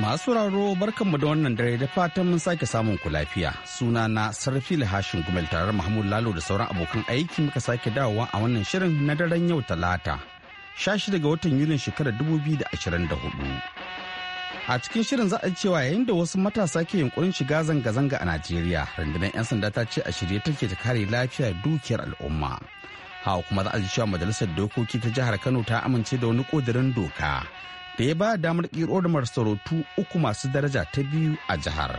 Masu raro barkanmu da wannan dare da fatan mun sake samun ku lafiya. Suna na sarfi Hashin Gumel tare Mahmud Lalo da sauran abokan aiki muka sake dawowa a wannan shirin na daren yau Talata. Shashi daga watan Yulin shekarar 2024. A cikin shirin za a cewa yayin da wasu matasa ke yunkurin shiga zanga-zanga a Najeriya, rundunar 'yan sanda ta ce a shirye take ta kare lafiya dukiyar al'umma. Hawa kuma za a ji cewa majalisar dokoki ta jihar Kano ta amince da wani kudirin doka da ya ba damar ƙiro da masarautu uku masu daraja ta biyu a jihar.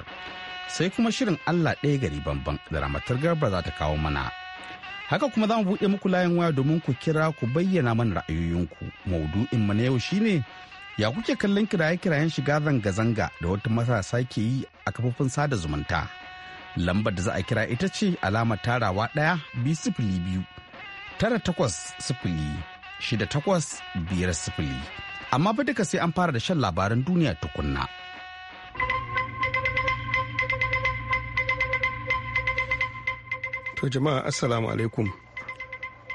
Sai kuma shirin Allah ɗaya gari banban da ramatar garba za ta kawo mana. Haka kuma za mu buɗe muku layin waya domin ku kira ku bayyana mana ra'ayoyinku. Maudu'in mu na yau shine ya kuke kallon kiraye-kirayen shiga zanga-zanga da wata matasa ke yi a kafofin sada zumunta. Lambar da za a kira ita ce alama tarawa ɗaya bi sifili biyu tara takwas sifili shida takwas biyar sifili. Amma ba duka sai an fara da shan labaran duniya tukunna. To jama'a Assalamu alaikum.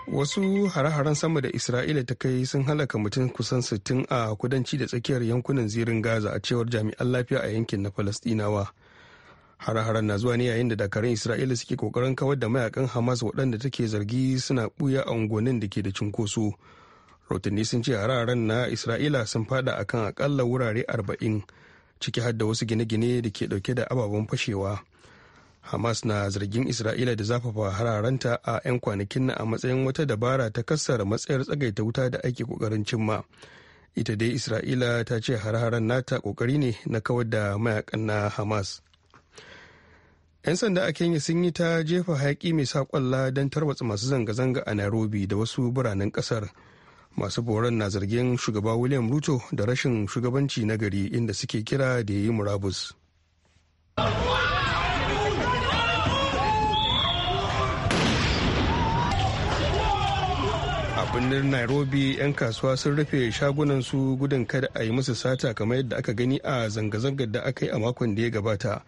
Wasu hare-haren sama da Isra'ila ta kai sun halaka mutum kusan 60 a kudanci da tsakiyar yankunan zirin Gaza a cewar jami'an lafiya a yankin na Falastinawa. Hare-haren na zuwa ne yayin da dakarun Isra'ila suke kokarin kawar da mayakan Hamas waɗanda take zargi suna ɓuya a unguwannin da ke da cunkoso. rotanni sun ce hararen na isra'ila sun fada akan akalla wurare 40 ciki har da wasu gine-gine da ke dauke da ababen fashewa hamas na zargin isra'ila da zafafa hararanta a 'yan kwanakin na a matsayin wata dabara ta kassar matsayar tsagaita wuta da ake kokarin cimma ita dai isra'ila ta ce har nata kokari ne na kawar da mayakan na hamas 'yan sanda a kenya sun yi ta jefa hayaki mai saƙwalla don tarwatsa masu zanga-zanga a nairobi da wasu biranen ƙasar. kasar masu boron na zargin shugaba william ruto da rashin shugabanci na gari inda suke kira da yi murabus a birnin nairobi 'yan kasuwa sun rufe shagunansu gudun kada a yi musu sata kamar yadda aka gani a zanga-zangar da aka yi a makon da ya gabata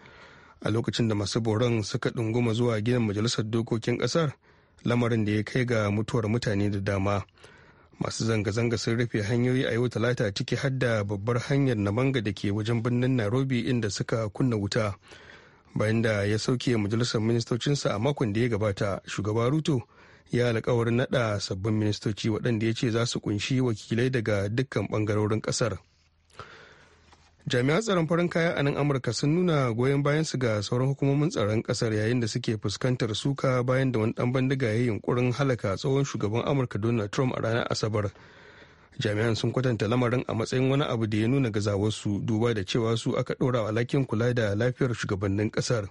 a lokacin da masu boron suka ɗunguma zuwa ginin majalisar dokokin ƙasar lamarin da ya kai ga mutuwar mutane da dama masu zanga-zanga sun rufe hanyoyi a yau talata ciki har da babbar hanyar na namanga da ke wajen birnin nairobi inda suka kunna wuta bayan da ya sauke majalisar ministocinsa a makon da ya gabata shugaba ruto ya alkawarin nada sabbin ministoci waɗanda ya ce za su kunshi wakilai daga dukkan ɓangarorin ƙasar. jami'an tsaron farin kaya a nan amurka sun nuna goyon bayansu ga sauran hukumomin tsaron kasar yayin da suke fuskantar suka bayan da wani dan bandiga ya yunkurin halaka tsohon shugaban amurka donald trump a ranar asabar jami'an sun kwatanta lamarin a matsayin wani abu da ya nuna gazawarsu duba da cewa su aka ɗora alhakin kula da lafiyar shugabannin kasar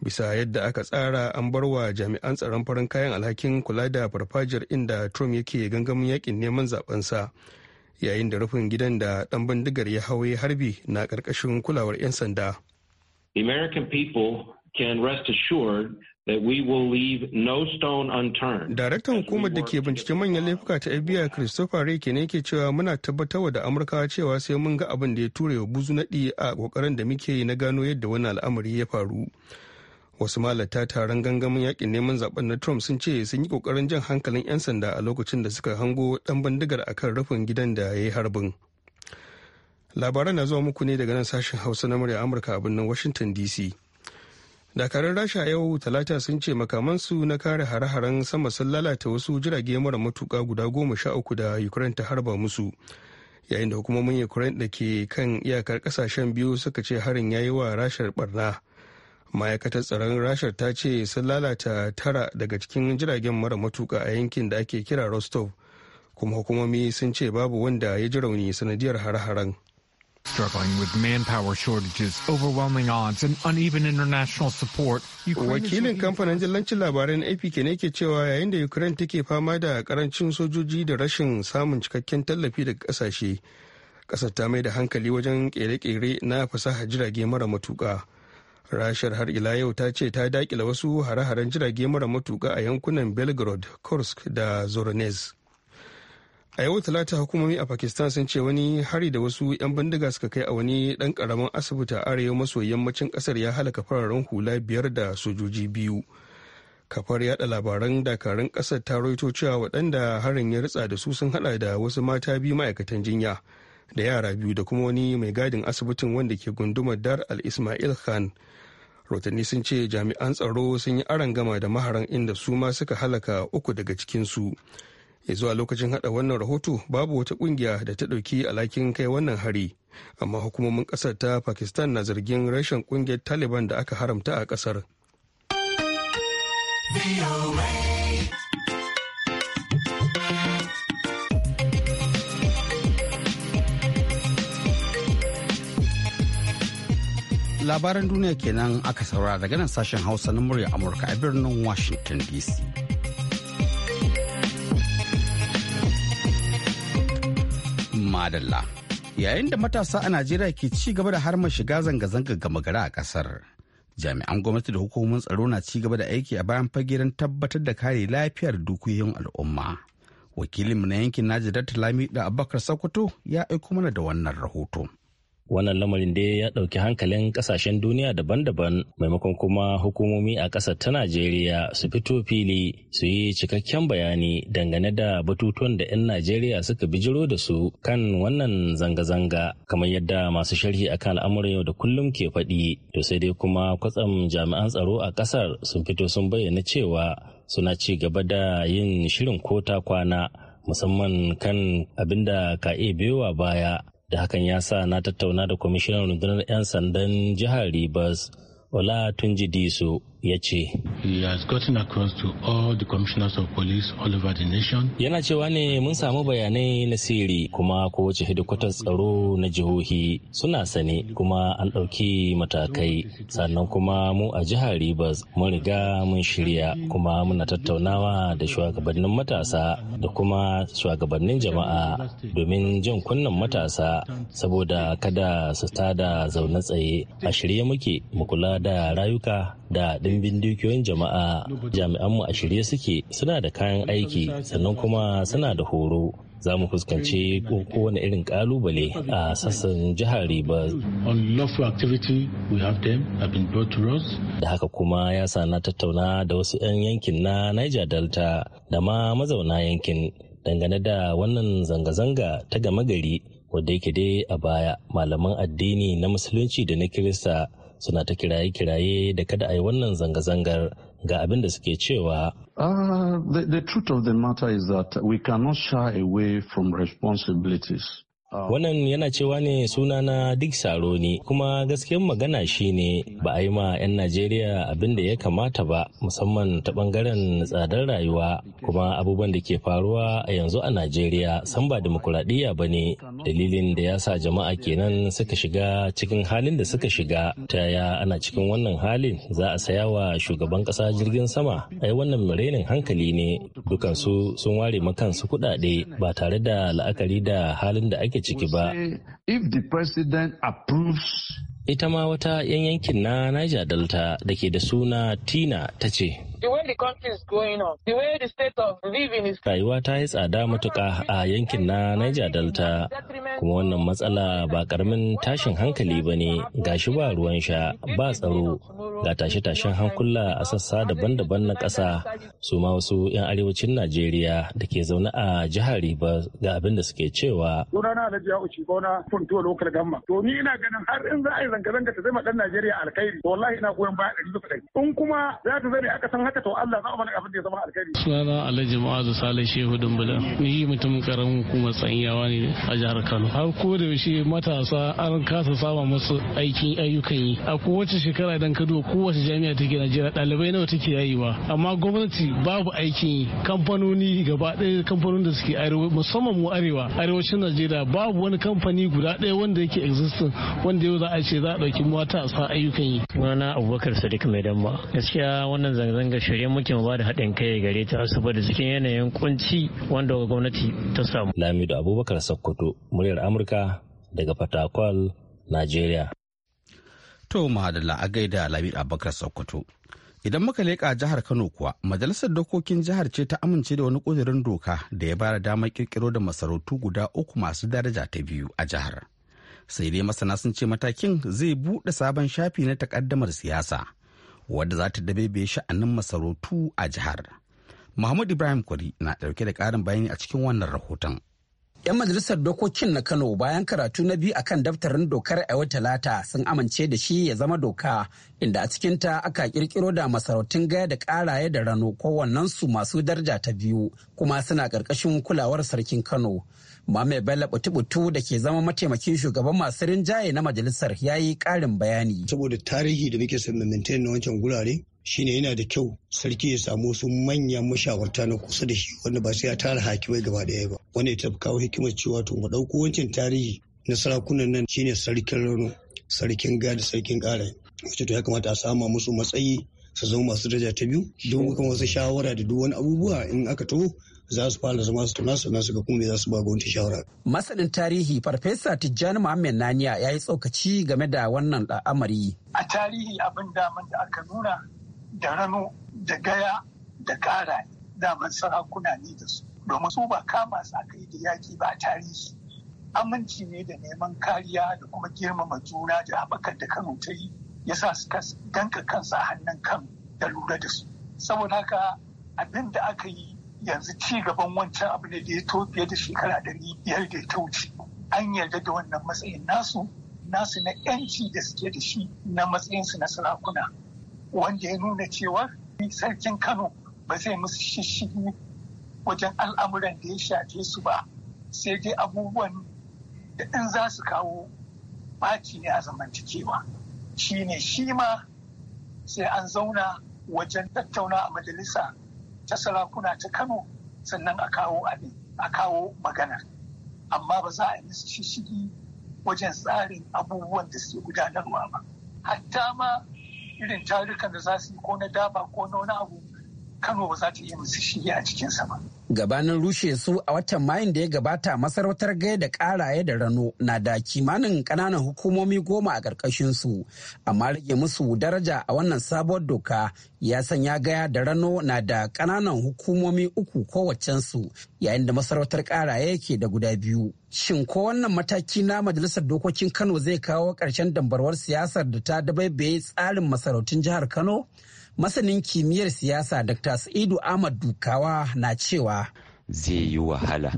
bisa yadda aka tsara an bar wa jami'an tsaron farin kayan alhakin kula da farfajiyar inda trump yake gangamin yakin neman zaɓensa. sa yayin da rufin gidan da ɗan bindigar ya ya harbi na karkashin kulawar 'yan sanda. The American people can rest assured that we will leave no stone unturned. Daraktan hukumar da ke binciken manyan laifuka ta FBI Christopher Ray ne yake cewa muna tabbatarwa da Amurka cewa sai mun ga abin da ya ture wa buzu naɗi a ƙoƙarin da muke yi na gano yadda wani al'amari ya faru. wasu malata taron gangamin yakin neman zaben na trump sun ce sun yi kokarin jan hankalin 'yan sanda a lokacin da suka hango dan bindigar kan rufin gidan da ya yi harbin labaran na zuwa muku ne daga nan sashen hausa na murya amurka a birnin washington dc dakarun rasha yau talata sun ce makamansu na kare hare-haren sama sun lalata wasu jirage mara matuka guda goma sha uku da ukraine ta harba musu yayin da hukumomin ukraine da ke kan iyakar kasashen biyu suka ce harin ya yi wa rashar barna ma'aikatar tsaron rashar ta ce sun lalata tara daga cikin jiragen mara matuka a yankin da ake kira rostov kuma hukumomi sun ce babu wanda ya ji rauni sanadiyar har-haren Struggling with manpower shortages, overwhelming odds, and uneven international support. Wakilin kamfanin jallancin labaran APK ne ke cewa yayin da Ukraine take fama da karancin sojoji da rashin samun cikakken tallafi daga kasashe, kasar ta mai da hankali wajen kere-kere na fasaha jirage mara matuka. rashar har ila yau ta ce ta dakila wasu hare-haren jirage mara matuka a yankunan belgrade kursk da zoronez a yau talata hukumomi a pakistan sun ce wani hari da wasu 'yan bindiga suka kai a wani dan karamin asibiti a arewa maso yammacin kasar ya halaka fararen hula biyar da sojoji biyu kafar yada labaran dakarun kasar ta roito cewa waɗanda harin ya ritsa da su sun hada da wasu mata biyu ma'aikatan jinya da yara biyu da kuma wani mai gadin asibitin wanda ke gundumar dar al ismail khan rotanni sun ce jami'an tsaro sun yi aron gama da maharan inda su ma suka halaka uku daga cikinsu ya zuwa lokacin hada wannan rahoto babu wata kungiya da ta ɗauki alhakin kai wannan hari amma hukumomin ƙasar ta pakistan na zargin rashin kungiyar taliban da aka haramta a kasar. labaran duniya kenan aka saurara daga nan sashen hausa na murya amurka a birnin washington dc madalla yayin da matasa a najeriya ke ci gaba da harma shiga zanga-zanga gama gari a kasar jami'an gwamnati da hukumomin tsaro na ci gaba da aiki a bayan fageren tabbatar da kare lafiyar dukiyoyin al'umma wakilin na yankin najeriya talami da bakar sokoto ya aiko mana da wannan rahoto wannan lamarin dai ya ɗauki hankalin ƙasashen duniya daban-daban maimakon kuma hukumomi a ƙasar ta najeriya su fito fili su yi cikakken bayani dangane da batutuwan da 'yan najeriya suka bijiro da su kan wannan zanga-zanga kamar yadda masu sharhi akan al'amuran yau da kullum ke faɗi to sai dai kuma kwatsam jami'an tsaro a ƙasar sun fito sun bayyana cewa suna ci gaba da yin shirin kota kwana musamman kan abin da ka iya baya da hakan ya sa na tattauna da kwamishinan rundunar 'yan sandan jihar Ribas Ola Tunji Diso ya ce yana cewa ne mun samu bayanai na sirri kuma kowace hidikwatar tsaro na jihohi suna sane kuma an ɗauki matakai sannan kuma mu a jihar ribas mun riga mun shirya kuma muna tattaunawa da shugabannin matasa da kuma shugabannin jama'a domin jin kunnan matasa saboda kada su tada zaune tsaye a shirye muke mu kula da rayuka da ɗimbin dukiyoyin jama'a jami'anmu a shirye suke suna da kayan aiki sannan kuma suna da horo za mu fuskanci kowane irin kalubale a sassan jihar Rivers. Da haka kuma ya sa na tattauna da wasu 'yan yankin na Niger Delta da ma mazauna yankin dangane da wannan zanga-zanga ta gama gari wadda yake dai a baya malaman addini na musulunci da na kirista suna ta kiraye-kiraye da kada a yi wannan zanga-zangar ga abin da suke cewa. Ah, the, the truth of the matter is that we cannot shy away from responsibilities. Oh. Wannan yana cewa ne sunana Dick Saroni kuma gaskiyar magana shi ne. ba a yi ma 'yan Najeriya abin da ya kamata ba musamman ta bangaren tsadar rayuwa kuma abubuwan da ke faruwa a yanzu a Najeriya san ba demokuraɗiyya ba ne dalilin da ya sa jama'a kenan suka shiga cikin halin da suka shiga ta yaya ana cikin wannan halin za a saya wa shugaban ƙasa jirgin sama ai wannan murenin hankali ne dukansu sun ware makansu kuɗaɗe ba tare da la'akari da halin da ake ciki ba. Ita ma wata 'yan yankin na Niger Delta da ke da suna Tina ta ce. the way the country is going on, the way the state of living is. Rayuwa ta yi tsada matuka a yankin na Niger Delta, kuma wannan matsala ba ƙaramin tashin hankali ba ne, shi ba ruwan sha, ba tsaro, ga tashe-tashen hankula a sassa daban-daban na ƙasa, su ma wasu 'yan arewacin Najeriya da ke zaune a jihar Rivers ga abin da suke cewa. Sunana Alhaji Ya'u Shigona, Funtuwa Lokal Gamma. To ni ina ganin har in za a yi zanga-zanga ta zama ɗan Najeriya alkhairi, wallahi ina goyon baya ɗari bisa ɗari. In kuma za ta zame aka san haka to Allah za mana abin da ya zama alkhairi sunana Alhaji Sale Shehu Dumbula ni mutum karamin hukumar tsanyawa ne a jihar Kano har ko da yaushe matasa an kasa sama musu aikin ayyukan yi a kowace shekara idan ka duba kowace jami'a take Najeriya ɗalibai nawa take yayi amma gwamnati babu aikin yi kamfanoni gaba ɗaya kamfanonin da suke arewa musamman mu arewa arewacin Najeriya babu wani kamfani guda ɗaya wanda yake existing wanda yau za a ce za a ɗauki mata a sa ayyukan yi sunana Abubakar Sadiq Mai Damma gaskiya wannan zanga-zanga shirye muke mu bada haɗin kai gare ta saboda cikin yanayin kunci wanda gwamnati ta samu. Lamido Abubakar Sokoto, muryar Amurka daga Fatakwal, Najeriya. To Mahadala a gaida Lamido Abubakar Sokoto. Idan muka leƙa jihar Kano kuwa, Majalisar Dokokin jihar ce ta amince da wani ƙudurin doka da ya bada damar ƙirƙiro da masarautu guda uku masu daraja ta biyu a jihar. Sai dai masana sun ce matakin zai buɗe sabon shafi na takaddamar siyasa. wadda za ta dabebe sha'anin masarautu a jihar. Muhammad Ibrahim Kwari na ɗauke da ƙarin bayani a cikin wannan rahoton. 'Yan majalisar dokokin na Kano bayan karatu na biyu akan daftarin dokar a talata sun amince da shi ya zama doka inda a cikinta aka kirkiro da masarautun gaya da karaye da rano kowannensu masu daraja ta biyu kuma suna ƙarƙashin kulawar sarkin Kano. Mame Bello butu da ke zama mataimakin shugaban masu rinjaye na majalisar ya yi ƙarin bayani. Saboda tarihi da muke son na wancan gurare shine yana da kyau sarki ya samu wasu manyan mashawarta na kusa da shi wanda ba sai ya tara hakimai gaba ɗaya ba. Wanda ya tafi kawo hikimar cewa to mu ɗauko wancan tarihi na sarakunan nan shine sarkin rano sarkin gada sarkin ƙara. Wace to ya kamata a sama musu matsayi su zama masu daraja ta biyu don kuma wasu shawara da duk wani abubuwa in aka taho za su fara zama su tuna sannan su ga kuma za su ba gwamnati shawara. Masanin tarihi Farfesa Tijjani Muhammad Naniya ya yi tsokaci game da wannan al'amari. A tarihi abin daman da aka nuna da rano da gaya da kara daman sarakuna ne da su. Domin su ba kama su aka yi da yaƙi ba a tarihi. Aminci ne da neman kariya da kuma girmama juna da haɓakar da Kano ta yi ya sa suka danka kansa a hannun kan da lura da su. Saboda haka abin da aka yi yanzu ci gaban wancan abu da ya to fiye da shekara ɗari biyar da ya ta wuce an yarda da wannan matsayin nasu nasu na yanci da suke da shi na matsayinsu na sarakuna wanda ya nuna cewa sarkin kano ba zai musu shishigi wajen al'amuran da ya shafe su ba sai dai abubuwan da in za su kawo ɓaci ne a zamantakewa shi ne shi ma sai an zauna wajen tattauna a majalisa ta sarakuna ta kano sannan a kawo abin a kawo magana amma ba za a yi musu shishigi wajen tsarin abubuwan da suke gudanarwa ba hatta ma irin tarukan da za su yi ko na daba ko na wani abu Kano ba za ta iya musu shi a cikin sama. Gabanin rushe su a watan mayin da ya gabata masarautar gai da karaye da rano na da kimanin ƙananan hukumomi goma a ƙarƙashin su, amma rage musu daraja a wannan sabuwar doka ya sanya gaya da rano na da ƙananan hukumomi uku su yayin da masarautar karaye ke da guda biyu. Shin ko wannan mataki na Majalisar Dokokin Kano zai kawo ƙarshen dambarwar siyasar da ta dabaibaye tsarin masarautun jihar Kano? masanin kimiyyar siyasa dr sa'idu ahmad dukawa na cewa zai yi wahala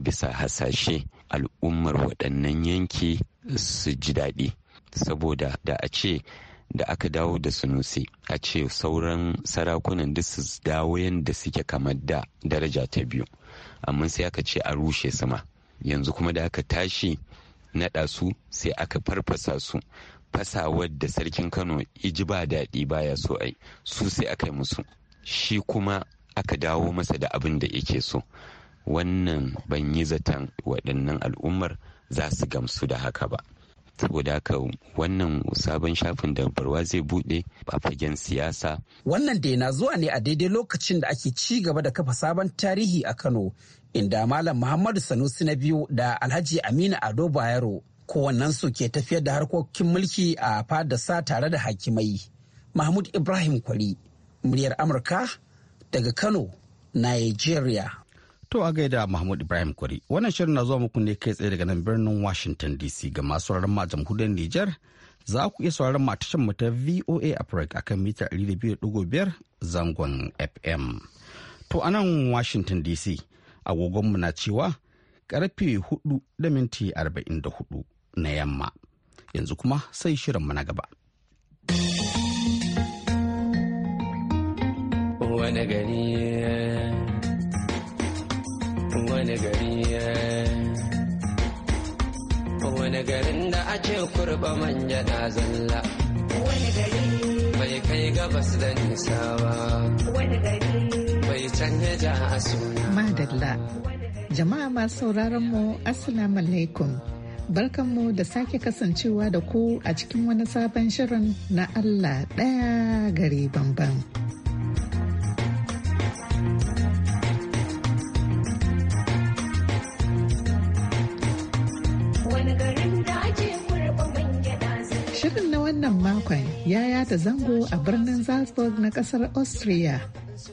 bisa hasashe al'ummar waɗannan yanki su ji daɗi saboda da a ce da aka dawo da sunusi a ce sauran sarakunan duk su dawo yadda suke kamar da daraja ta biyu amma sai aka ce a rushe sama yanzu kuma da aka tashi naɗa su sai aka farfasa su fasawar da sarkin kano iji ba daɗi ba ya so ai su sai aka yi musu shi kuma aka dawo masa da abin da yake so wannan ban yi zaton waɗannan al'ummar za su gamsu da haka ba saboda haka wannan sabon shafin da barwa zai buɗe a fagen siyasa. Wannan dai na zuwa ne a daidai lokacin da ake ci gaba da kafa sabon tarihi a Kano, inda Malam Muhammadu Sanusi na biyu da Alhaji Aminu Ado Bayero kowannensu ke tafiyar da harkokin mulki a sa tare da hakimai. Mahmud Ibrahim Kwari, muryar Amurka daga Kano, Nigeria. To a gaida Mahmud Ibrahim Kwari, wannan shirin na zuwa muku ne kai tsaye daga nan birnin Washington DC ga masu sauraron ma jamhuriyar Nijar. Za ku iya sauraron ma tashar mu ta VOA Africa akan mita 200.5 zangon FM. To a nan Washington DC, agogonmu na cewa karfe 4 da minti arba'in da hudu. na yamma. Yanzu kuma sai shirinmu na gaba. Wani gari wani gari wani garin da ake kurba manja na zalla. Wani gari bai kai gabas da nisa ba. Wani gari bai canje ja a suna. Madalla, jama'a masu sauraron mu, Assalamu alaikum. barkanmu da sake kasancewa da ku a cikin wani sabon shirin na Allah ɗaya gari bambam. Shirin na wannan makon ya yata zango a birnin Salzburg na ƙasar Austria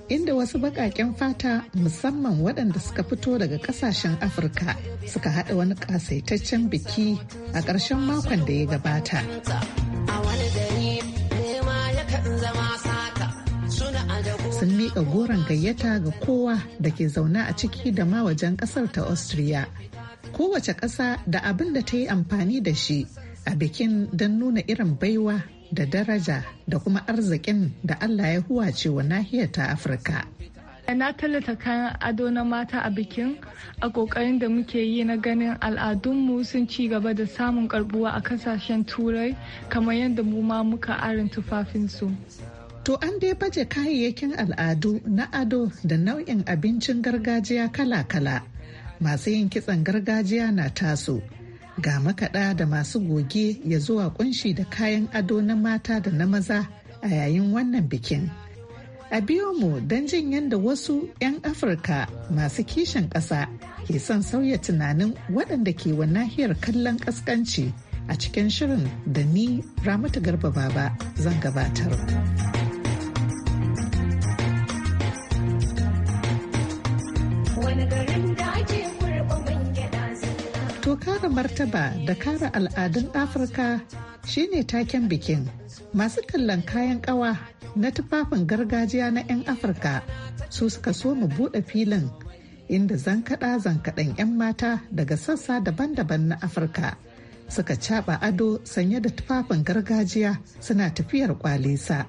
inda wasu baƙaƙen fata musamman waɗanda suka fito daga ƙasashen Afirka suka haɗa wani ƙasaitaccen biki a ƙarshen makon da ya gabata. sun miƙa goron gayyata ga kowa da ke zaune a ciki da ma wajen ƙasar ta austria kowace ƙasa da abin da ta yi amfani da shi a bikin don nuna irin baiwa da daraja da kuma arzikin da Allah ya huwace wa nahiyar ta Afirka. na tallata kayan ado na mata a bikin a kokarin da muke yi na ganin al'adunmu sun ci gaba da samun karbuwa a kasashen turai kamar yadda mu ma muka arin tufafinsu to an dai baje kayayyakin al'adu na ado da nau'in abincin gargajiya kala-kala masu yin kitsan gargajiya na taso ga makaɗa da masu goge ya zuwa kunshi da kayan ado na mata da na maza a yayin wannan bikin. A biyo mu don jin yadda wasu 'yan Afirka masu kishin ƙasa ke son sauya tunanin waɗanda ke wa nahiyar kallon ƙasƙanci a cikin shirin da ni Ramatu Garba Baba zan gabatar. kare martaba da kare al'adun afirka shine taken bikin masu kallon kayan kawa na tufafin gargajiya na 'yan afirka su suka so mu buɗe filin inda zankaɗa zankaɗan 'yan mata daga sassa daban-daban na afirka suka caɓa ado sanye da tufafin gargajiya suna tafiyar kwalisa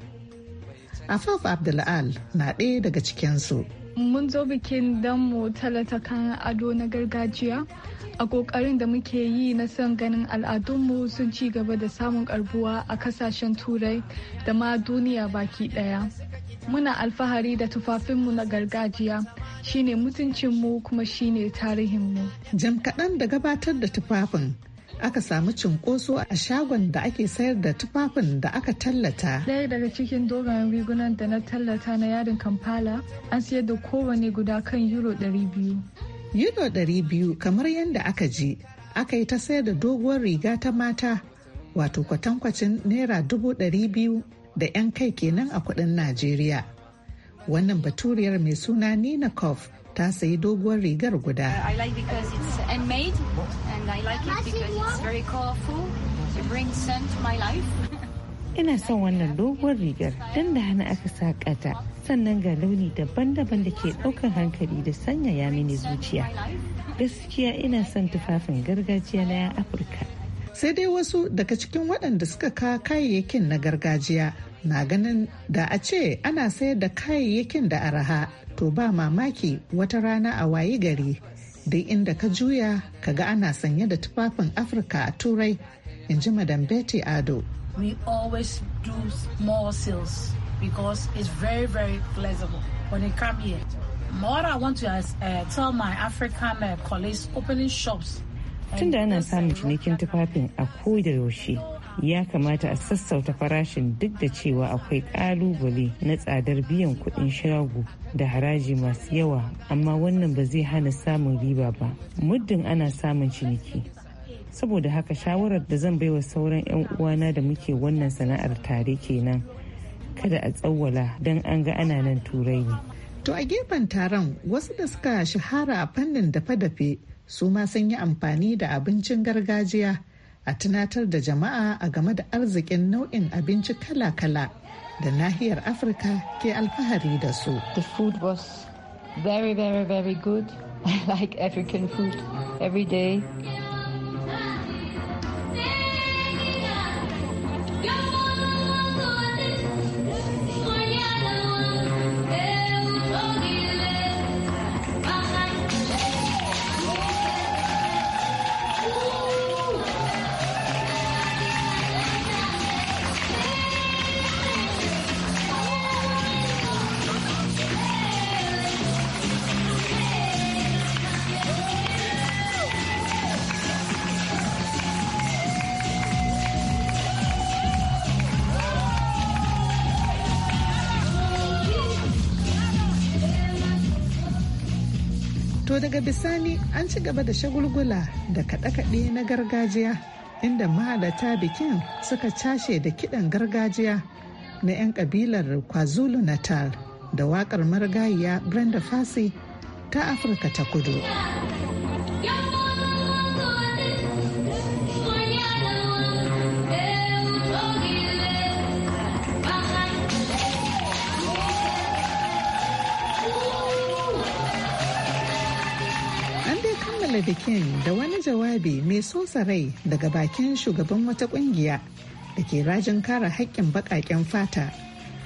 afaf abdul'al na ɗaya daga cikinsu. mun zo bikin danmu mu talata kan ado na gargajiya a kokarin da muke yi na son ganin al'adunmu sun ci gaba da samun karbuwa a kasashen turai da ma duniya baki ɗaya muna alfahari da tufafinmu na gargajiya shine mutuncinmu kuma shine tarihinmu jam kaɗan da gabatar da tufafin aka samu cinkoso a shagon da ake sayar da tufafin da aka tallata. Daya daga cikin dogayen rigunan da na tallata na yadin Kampala an sayar da kowane guda kan euro 200. Euro 200 kamar yadda aka je, aka yi ta sayar da doguwar riga ta mata wato kwatankwacin naira dubu ɗari biyu da 'yan kai kenan a kudin najeriya wannan baturiyar mai suna nina kof ta sayi doguwar rigar guda. Uh, ina son wannan doguwar rigar don da hana aka saƙa sannan ga launi daban-daban da ke daukan hankali da sanyaya mini zuciya. Gaskiya ina son tufafin gargajiya na Afirka. Sai dai wasu daga cikin waɗanda suka ka kayayyakin na gargajiya na ganin da a ce ana sayar da kayayyakin da araha to ba mamaki wata rana a wayi gari duk inda ka juya ka ga ana sanye da tufafin afirka a turai in ji madam betty ado we always do small sales because it's very very flexible when it come here what i want to uh, tell my african uh, colleagues opening shops tunda ana samun cinikin tufafin a koda yaushe ya kamata a sassauta farashin duk da cewa akwai kalubale na tsadar biyan kuɗin shago da haraji masu yawa amma wannan ba zai hana samun riba ba muddin ana samun ciniki saboda haka shawarar da zan baiwa sauran 'yan uwana da muke wannan sana'ar tare kenan kada a tsawwala don an ga ana nan turai ne to a gefen taron wasu da suka shahara a fannin dafe-dafe su ma sun yi amfani da abincin gargajiya a tunatar da jama'a a game da arzikin nau'in abinci kala-kala da nahiyar afirka ke alfahari da su the food was very very very good like african food every day daga bisani an ci gaba da shagulgula da kaɗe-kaɗe na gargajiya inda mahalata bikin suka cashe da kiɗan gargajiya na 'yan ƙabilar kwazulu natal da waƙar marigayiya brenda fasi ta afirka ta kudu. kammala bikin da wani jawabi mai sosa rai daga bakin shugaban wata kungiya da ke rajin kare haƙƙin baƙaƙen fata.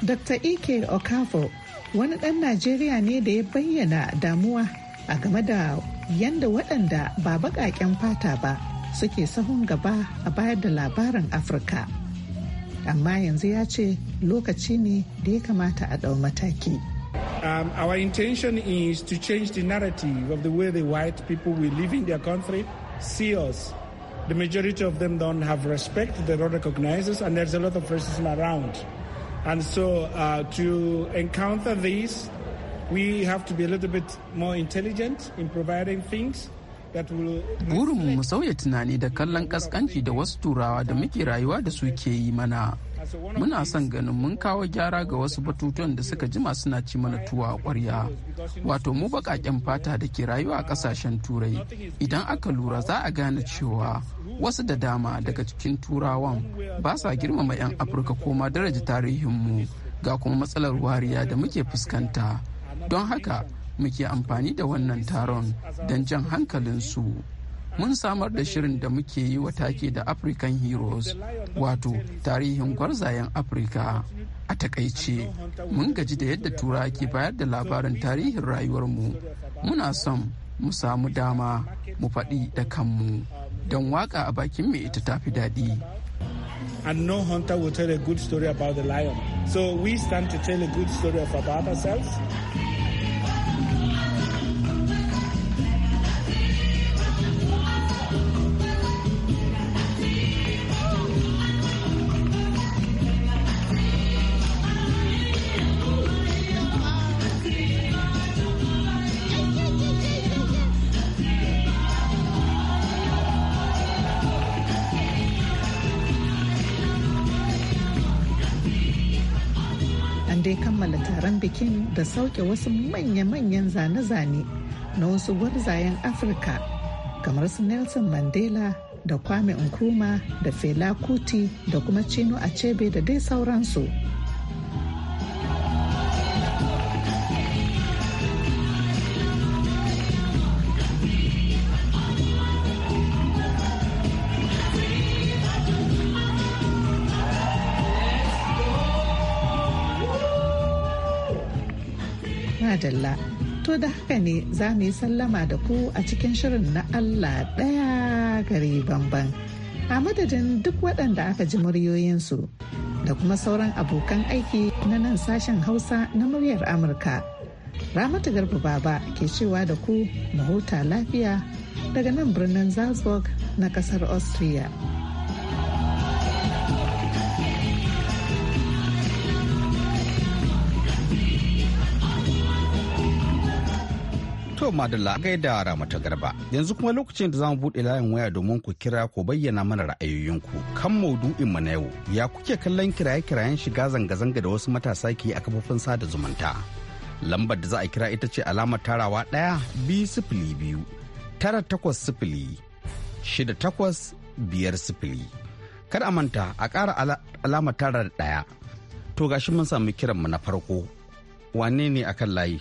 Dr. Ike Okafo wani ɗan Najeriya ne da ya bayyana damuwa a game da yanda waɗanda ba baƙaƙen fata ba suke sahun gaba a bayar da labarin Afirka. Amma yanzu ya ce lokaci ne da ya kamata a ɗau mataki. Um, our intention is to change the narrative of the way the white people we live in their country see us. The majority of them don't have respect, they don't recognize us, and there's a lot of racism around. And so uh, to encounter this, we have to be a little bit more intelligent in providing things. Burin mu sauya tunani da kallon kaskanci da wasu turawa da muke rayuwa da su ke yi mana. muna son ganin mun kawo gyara ga wasu batutuwan da suka jima suna ci mana tuwa a ƙwarya wato mu baƙaƙen fata da ke rayuwa a ƙasashen turai idan aka lura za a gane cewa wasu da dama daga cikin turawan ba sa girmama 'yan afirka ko ma daraja mu ga kuma matsalar wariya da muke fuskanta don haka muke amfani da wannan taron don jan hankalinsu. su mun samar da shirin da muke yi wa take da african heroes wato tarihin gwarzayen afirka a takaice mun gaji da yadda tura ke bayar da labarin tarihin rayuwarmu muna son mu samu dama mu faɗi da kanmu don waka a bakin mai ita tafi daɗi and no hunter will tell a good story about the lion so we stand to tell a good story of about ourselves dai kammala taron bikin da sauke wasu manya-manyan zane-zane na wasu gwarzayen afirka kamar su nelson mandela da kwame nkrumah da fela kuti da kuma chino achebe da dai sauransu madalla. To da haka ne za mu yi sallama da ku a cikin shirin na Allah ɗaya gari bamban. A madadin duk waɗanda aka ji muryoyinsu da kuma sauran abokan aiki na nan sashen Hausa na muryar Amurka. Ramatu Garba Baba ke cewa da ku na huta lafiya daga nan birnin Salzburg na ƙasar Austria. To madalla gaida ta garba yanzu kuma lokacin da zamu buɗe layin waya domin ku kira ko bayyana mana ra'ayoyinku kan maudu'in mu na yau ya kuke kallon kiraye-kirayen shiga zanga-zanga da wasu matasa ke a kafofin sada zumunta. Lambar da za a kira ita ce alamar tarawa ɗaya biyu sifili biyu tara takwas sifili shida takwas biyar sifili. Kada a manta a ƙara alamar tara da ɗaya. To gashi mun samu kiran mu na farko. Wane ne akan layi?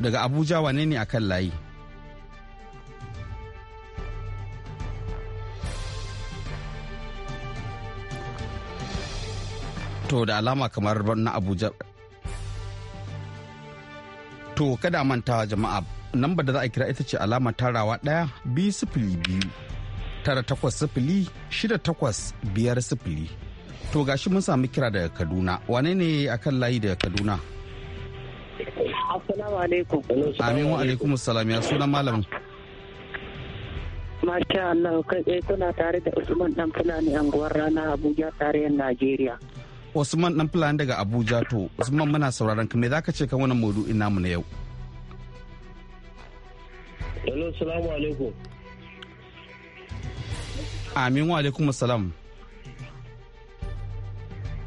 daga abuja wane ne akan layi to da alama kamar na abuja to kada mantawa jama'a lambar da za a kira ita ce alama tarawa ɗaya biyu sifili biyu tara takwas sifili shida takwas biyar sifili to gashi mun sami kira daga kaduna wane ne akan layi daga kaduna Assalamu alaikum. Amin wa alaikum assalam ya suna malam. Masha Allah kai tsaye kuna tare da Usman Dan Fulani anguwar rana Abuja tarihin Najeriya. Usman Dan Fulani daga Abuja to Usman muna sauraron ka me zaka ce kan wannan ina mu na yau? Hello assalamu alaikum. Amin wa alaikum assalam.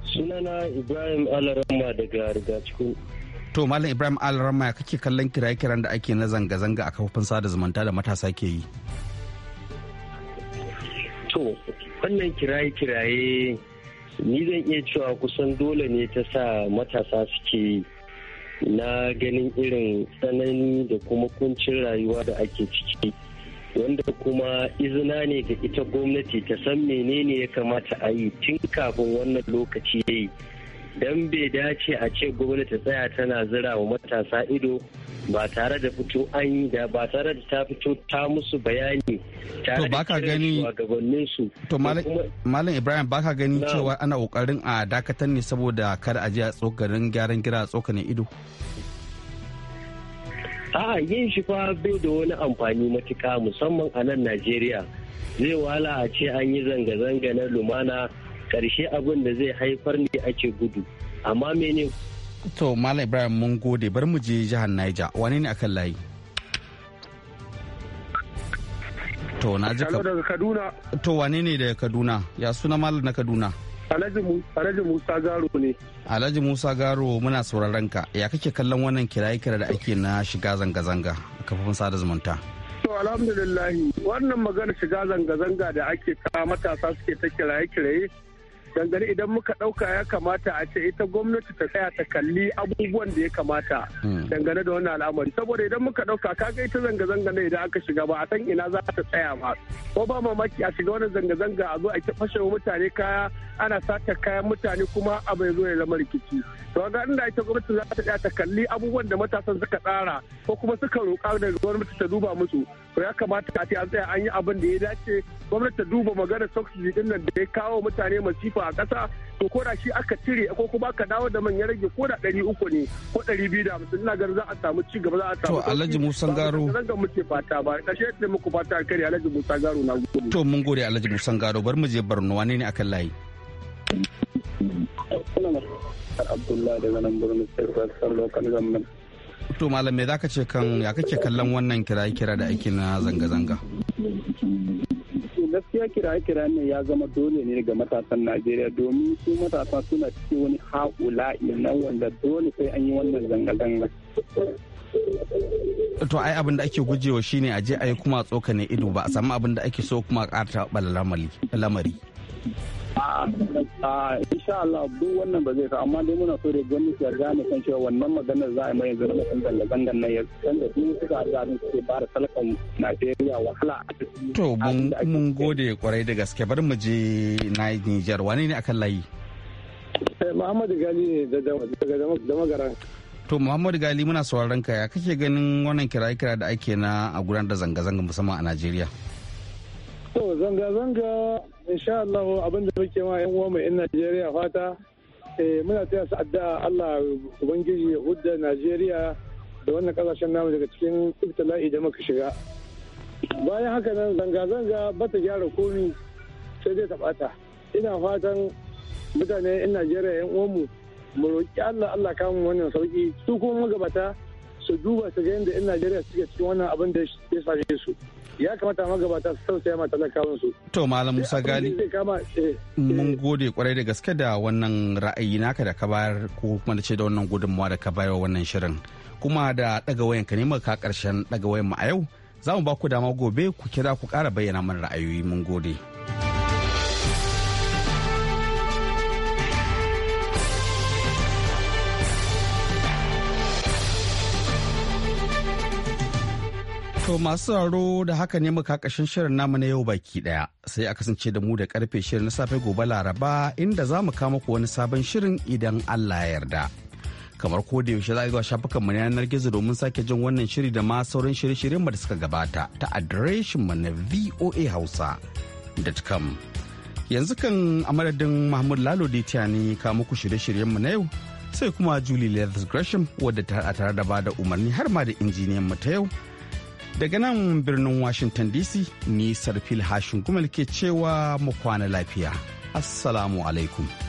Sunana Ibrahim Alarama daga Rigaciku. To Malam Ibrahim Alrama ya kake kallon kiraye-kiran da ake na zanga-zanga a kafofin sada zumunta da matasa ke yi? To, wannan kiraye-kiraye ni zan iya cewa kusan dole ne ta sa matasa suke na ganin irin tsanani da kuma kuncin rayuwa da ake ciki. wanda kuma izina ne ga ita gwamnati ta san menene ya kamata a yi tun kafin wannan lokaci ya yi don bai dace a ce gwamnati tsaya tana zira wa matasa ido ba tare da fito an yi da ba tare da ta fito ta musu bayani tare da gani su to malam ibrahim baka gani cewa ana kokarin a dakatar ne saboda kar a je a tsokarin gyaran gira a ido a'a yin shi fa bai da wani amfani matuka musamman a nan najeriya zai wala a ce an yi zanga-zanga na lumana karshe abin da zai haifar ne ake gudu amma mene to mala ibrahim mun gode bar mu je jihar naija wane ne akan layi to na ji ka daga kaduna to wane ne daga kaduna ya suna mala na kaduna Alhaji Musa Garo ne. Alhaji Musa Garo muna sauraron ka. Ya kake kallon wannan kiraye-kira da ake na shiga zanga-zanga a kafofin sada zumunta? To alhamdulillahi wannan magana shiga zanga-zanga da ake ta matasa suke ta kiraye-kiraye dangane idan muka ɗauka ya kamata a ce ita gwamnati ta tsaya ta kalli abubuwan da ya kamata hmm. dangane da wannan al'amari saboda idan muka ɗauka kaga ita zanga-zanga ne idan aka shiga ba a san ina za ta tsaya ba ko ba mamaki a shiga wannan zanga-zanga a zo a ke fashe mutane kaya ana sata kayan mutane kuma abu ya zo ya zama rikici to ga inda ita gwamnati za ta tsaya ta kalli abubuwan da matasan suka tsara ko kuma suka roƙa da gwamnati ta duba musu to ya kamata a ce an tsaya an yi abin da ya dace gwamnati ta duba maganar subsidy din nan da ya kawo mutane masifa a ƙasa to ko da shi aka cire ko kuma aka dawo da man ya rage ko da ɗari uku ne ko ɗari biyu da hamsin ina ganin za a samu ci gaba za a samu to alhaji musa garo zan ga muke fata ba ƙarshe ce muku fata kare alhaji musa garo na gode to mun gode alhaji musa garo bar mu je barno wane ne akan layi Abdullahi daga nan birnin Sirrar Sallo kan to malam me zaka ce kan ya kake kallon wannan kira-kira da ake na zanga-zanga gaskiya kira-kira ne ya zama dole ne ga matasan najeriya domin su matasa suna cikin wani haƙula'i na wanda dole sai an yi wannan zanga-zanga to ai abin da ake gujewa shine a je a yi kuma tsoka ne ido ba a samu abin da ake so kuma a ta lamari a ah, insha Allah duk wannan ba zai sa amma dai muna so da gwamnati ya gane kan cewa wannan maganar za a mai yanzu na kan zanga-zangan nan ya canza su suka ga su ke ba da talakan Najeriya wahala. To mun gode kwarai da gaske bari mu je Niger wane ne akan layi? Eh, Muhammadu Gali ne da magara. To Muhammadu Gali muna sauraron ka ya kake ganin wannan kiraye-kira da ake na a gudanar da zanga-zanga musamman a Najeriya? To zanga-zanga insha Allah abin da muke ma yan uwa mai yan Najeriya fata eh, muna taya su addu'a Allah Ubangiji ya hudda Najeriya da wannan kasashen namu daga cikin ibtila'i da muka shiga. Bayan haka nan zanga-zanga ba ta gyara komi sai dai ta bata. Ina fatan mutane yan Najeriya yan uwanmu mu roƙi Allah Allah kamun wannan sauki su kuma magabata su duba su ga yadda yan Najeriya suke cikin wannan abin da ya same su. ya kamata magabata su tausaya ma talakawan su to malam Musa Gali eh, mun eh. gode kwarai da gaske da wannan ra'ayi naka da ka bayar ko kuma da ce da wannan gudunmawa da ka bayar wannan shirin kuma da daga wayan ka ne ka karshen daga wayan mu a yau za mu ba ku dama gobe ku kira ku kara bayyana mana ra'ayoyi mun gode. To masu sauraro da haka ne muka kashin shirin namu na yau baki daya sai a kasance da mu da karfe shirin na safe gobe laraba inda za mu kama ku wani sabon shirin idan Allah ya yarda. Kamar ko da yaushe za a zuwa shafukan mu na yanar gizo domin sake jin wannan shiri da ma sauran shirye-shiryen da suka gabata ta adireshin mu na Hausa.com. Yanzu kan a madadin Mahmud Lalo Ditiya ne kama ku shirye-shiryen mu na yau sai kuma Julie Leathers Gresham wadda ta tare da bada umarni har ma da injiniyan mu ta yau. Daga nan birnin Washington DC ni Sarfil Hashin Gumal ke cewa mu kwana lafiya. Assalamu alaikum.